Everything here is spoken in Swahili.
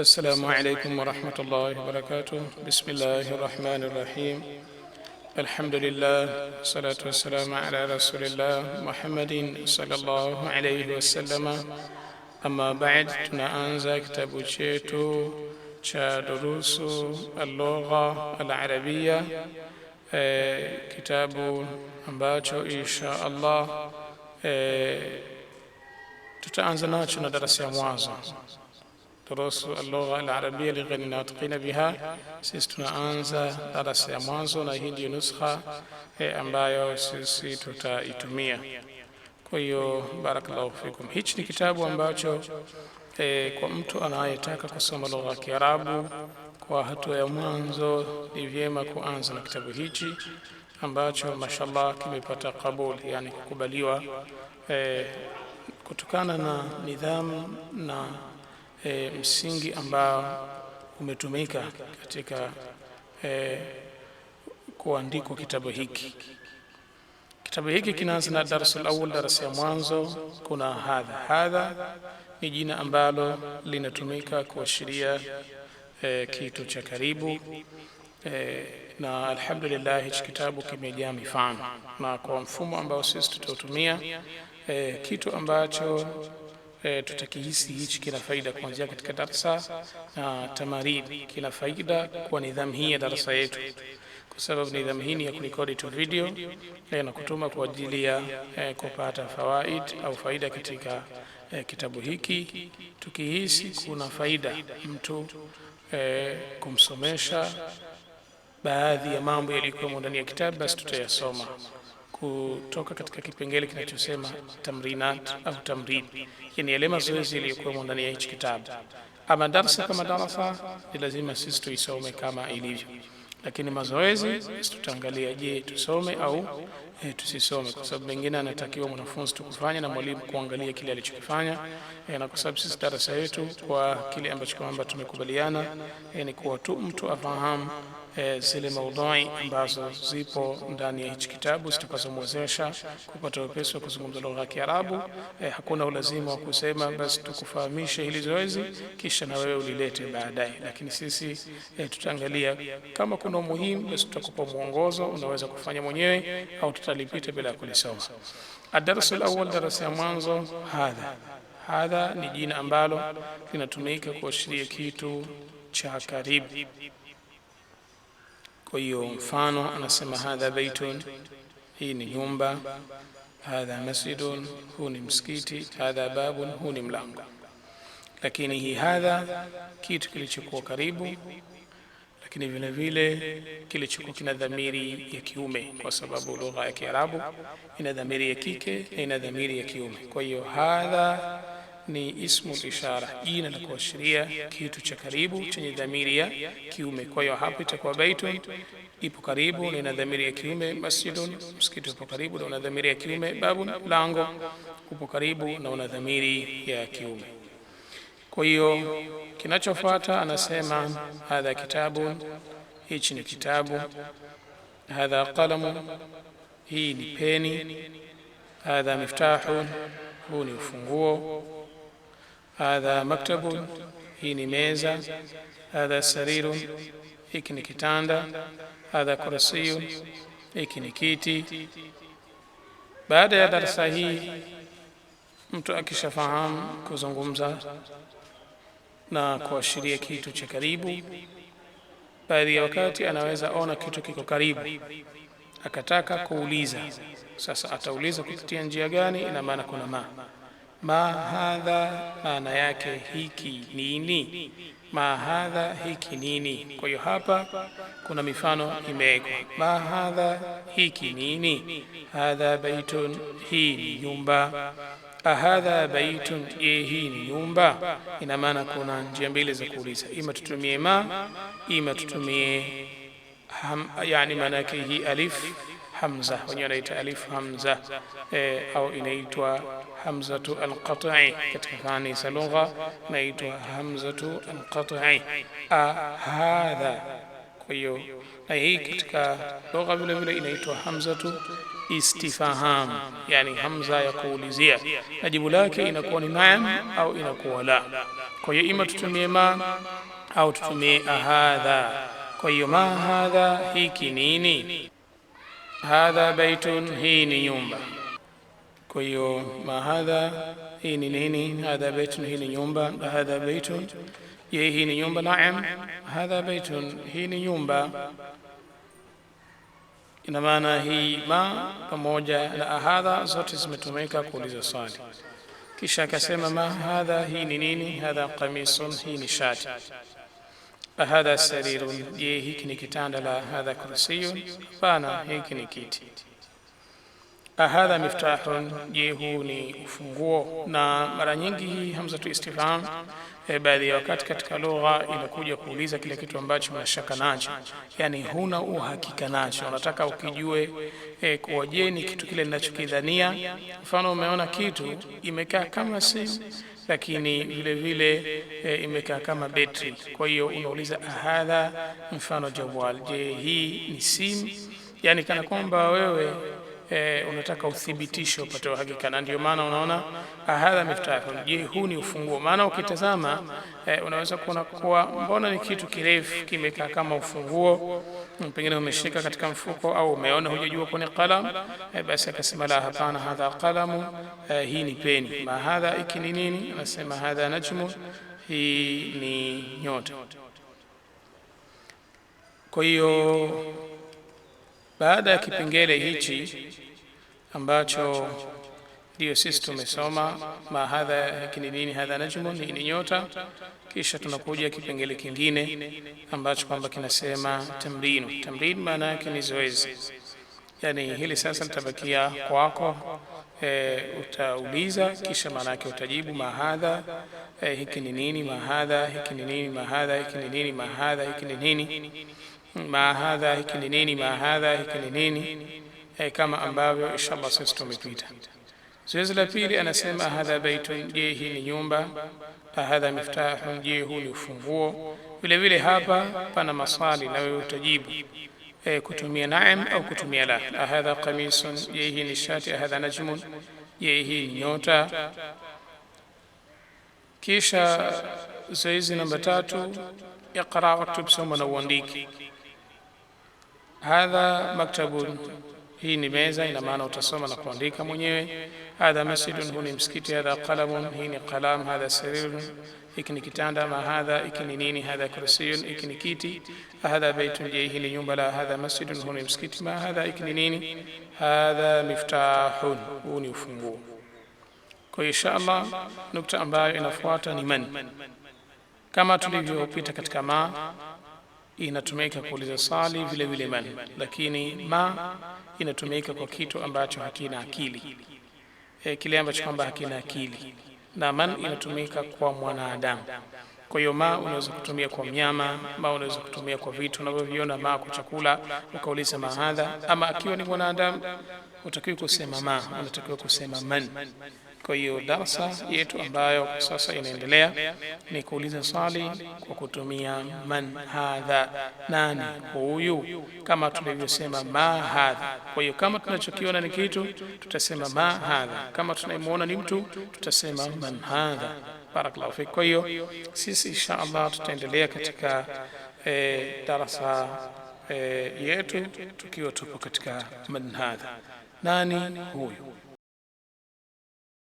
السلام عليكم ورحمة الله وبركاته بسم الله الرحمن الرحيم الحمد لله صلاة والسلام على رسول الله محمد صلى الله عليه وسلم أما بعد نأنزا كتاب شيتو دروس اللغة العربية آه، كتاب أمباتو إن شاء الله آه، تتأنزناتنا درس يا موازن durusu allugha alarabia lighani na watqina biha. Sisi tunaanza darasa ya mwanzo na hii ndio nuskha e, eh, ambayo sisi tutaitumia. Kwa hiyo barakallahu fikum. Hichi ni kitabu ambacho e, kwa mtu anayetaka kusoma lugha ya Kiarabu kwa hatua ya mwanzo ni vyema kuanza na kitabu hichi ambacho mashallah kimepata kabuli, yani kukubaliwa e, kutokana na nidhamu na e, msingi ambao umetumika katika e, kuandikwa kitabu hiki. Kitabu hiki kinaanza na darsul awwal, darasa ya mwanzo. Kuna hadha. Hadha ni jina ambalo linatumika kuashiria e, kitu cha karibu e, na alhamdulillah hichi kitabu kimejaa mifano na kwa mfumo ambao sisi tutautumia e, kitu ambacho e, tutakihisi hichi kila faida kuanzia katika darsa na tamarid, kila faida kwa nidhamu hii ya darasa yetu, kwa sababu nidhamu hii ni ya kurekodi tu video na kutuma kwa ajili ya e, kupata fawaid au faida katika e, kitabu hiki. Tukihisi kuna faida mtu e, kumsomesha baadhi ya mambo yaliyokuwa ndani ya kitabu, basi tutayasoma kutoka katika kipengele kinachosema tamrinat au tamrin, yani yale mazoezi yaliyokuwemo ndani ya hichi kitabu. Ama darsa kama darasa ni lazima sisi tuisome kama ilivyo, lakini mazoezi sisi tutaangalia, je, tusome au e, tusisome, kwa sababu mengine anatakiwa mwanafunzi tukufanya na mwalimu kuangalia kile alichokifanya e, na kwa sababu sisi darasa yetu kwa kile ambacho kwamba tumekubaliana e, ni kuwa tu mtu afahamu Eh, zile maudhui ambazo zipo ndani ya hichi kitabu zitakazomwezesha kupata wepesi wa kuzungumza lugha ya Kiarabu. Eh, hakuna ulazima wa kusema basi tukufahamishe hili zoezi kisha na wewe ulilete baadaye, lakini sisi eh, tutaangalia kama kuna umuhimu, basi tutakupa mwongozo, unaweza kufanya mwenyewe au tutalipita bila ya kulisoma. Adarsu lawal, darasa ya mwanzo. Hadha, hadha ni jina ambalo linatumika kuashiria kitu cha karibu kwa hiyo mfano anasema hadha baitun, hii ni nyumba, hadha masjidun, huu ni msikiti, hadha babun, huu ni mlango. Lakini hii hadha kitu kilichokuwa karibu, lakini vile vile kilichokuwa kina dhamiri ya kiume, kwa sababu lugha ya Kiarabu ina dhamiri ya kike na ina dhamiri ya kiume. Kwa hiyo hadha ni ismu ishara, jina la kuashiria kitu cha karibu chenye dhamiri ya kiume. Kwa hiyo hapo itakuwa baitun ipo karibu na ina dhamiri ya kiume, masjidun msikiti upo karibu na una dhamiri ya kiume, babun lango upo karibu na una dhamiri ya kiume. Kwa hiyo kinachofuata anasema hadha kitabu, hichi ni kitabu. Hadha qalamu, hii ni peni. Hadha miftahu, huu ni ufunguo Hadha maktabun, hii ni meza. Hadha sarirun, hiki ni kitanda. Hadha kursiyun, hiki ni kiti. Baada ya darasa hii, mtu akishafahamu kuzungumza na kuashiria kitu cha karibu, baadhi ya wakati anaweza ona kitu kiko karibu, akataka kuuliza. Sasa atauliza kupitia njia gani? Ina maana kuna ma mahadha, maana yake hiki nini? Mahadha, hiki nini? Kwa hiyo hapa kuna mifano imewekwa, mahadha, hiki nini? Hadha baitun, hii ni nyumba. Ahadha baitun, je, eh, hii ni nyumba? Ina maana kuna njia mbili za kuuliza, ima tutumie ma, ima tutumie yani maana yake hii alif hamza, wenyewe wanaita Alif hamza e, au inaitwa hamzatu alqat'i katika kanisa lugha inaitwa hamzatu alqat'i a hadha. Kwa hiyo na hii katika lugha vile vile inaitwa hamzatu istifham, yani hamza ya kuulizia, na jibu lake inakuwa ni naam au inakuwa la. Kwa hiyo ima tutumie ma au tutumie ahadha. Kwa hiyo ma hadha, hiki nini? hadha baitun, hii ni nyumba. Kwa hiyo mahadha hii ni nini? Hadha baitun, hii ni nyumba. Hadha baitun, je, hii ni nyumba? Naam, hadha baitun, hii ni nyumba. Ina maana hii ma pamoja na ahadha zote zimetumika kuuliza swali. Kisha akasema ma hadha, hii ni nini? Hadha qamisun, hii ni shati Hadha sarirun, je, hiki ni kitanda? La hadha kursiyun, hapana, hiki ni kiti. Ahadha miftahun, je, huu ni ufunguo? Na mara nyingi hii hamzatu istifham e, baadhi ya wakati katika lugha inakuja kuuliza kile kitu ambacho unashaka nacho, yani huna uhakika nacho, unataka ukijue e, kuwa kitu kile ninachokidhania. Mfano, umeona kitu imekaa kama simu lakini vile vile e, imekaa kama betri. Kwa hiyo unauliza hadha, mfano jawal, je, hii ni simu? Yani kana kwamba wewe Eh, unataka uthibitisho upate uhakika, na ndio maana unaona ah, hadha miftahu. Je, huu ni ufunguo? Maana ukitazama e, unaweza kuona kuwa mbona ni kitu kirefu kimekaa kama ufunguo, pengine umeshika katika mfuko au umeona hujajua kuwa ni e, eh, basi akasema la, hapana, hadha qalamu e, hii ni peni. Ma hadha iki ni nini? Anasema hadha najmu, hii ni nyota. Kwa hiyo baada ya kipengele hichi ambacho ndio sisi tumesoma mahadha nini, hadha najmun, ni nyota. Kisha tunakuja kipengele kingine ambacho kwamba kinasema tamrinu. Tamrinu maana yake ni zoezi, yani hili sasa litabakia kwako. E, utauliza kisha maana yake utajibu mahadha e, hiki ni nini? Mahadha hiki ni nini? Mahadha hiki ni nini? Mahadha hiki ni nini? mahadha hiki ni nini, mahadha hiki ni nini, eh, kama ambavyo inshallah sisi tumepita. Zoezi la pili anasema hadha baitun, je hii ni nyumba? ahadha miftahun, je huu ni ufunguo? Vile vile hapa pana maswali na wewe utajibu e, kutumia naam au kutumia la. ahadha qamisun, je hii ni shati? Hadha najmun, je hii ni nyota? Kisha zoezi namba tatu, iqra waktub, soma na uandike Hadha maktabun, hii ni meza, ina maana utasoma na kuandika mwenyewe. Hadha masjidun, huu ni msikiti. Hadha qalamun, hii ni qalam. Hadha sarirun, hiki ni kitanda. Ma hadha, hiki ni nini? Hadha kursiyun, hiki ni kiti. Hadha baitun, je, hili nyumba. La hadha masjidun, huu ni msikiti. Ma hadha, hiki ni nini? Hadha miftahun, huu ni ufunguo. Kwa inshallah, nukta ambayo inafuata ni man, kama tulivyopita katika ma inatumika kuuliza swali vile vile man, lakini ma inatumika kwa kitu ambacho hakina akili e, kile ambacho kwamba hakina akili, na man inatumika kwa mwanadamu. Kwa hiyo ma unaweza kutumia kwa mnyama, ma unaweza kutumia kwa vitu unavyoviona, ma kwa chakula ukauliza ma hadha. Ama akiwa ni mwanadamu utakiwa kusema ma, unatakiwa kusema man. Kwa hiyo darsa yetu ambayo kwa sasa inaendelea ni kuuliza swali kwa kutumia man hadha, nani huyu, kama tulivyosema ma hadha. Kwa hiyo kama tunachokiona ni kitu tutasema ma hadha, kama tunaimuona ni mtu tutasema man hadha. Barakallahu fik. Kwa hiyo sisi insha Allah tutaendelea katika e, darasa e, yetu tukiwa tupo katika man hadha, nani huyu.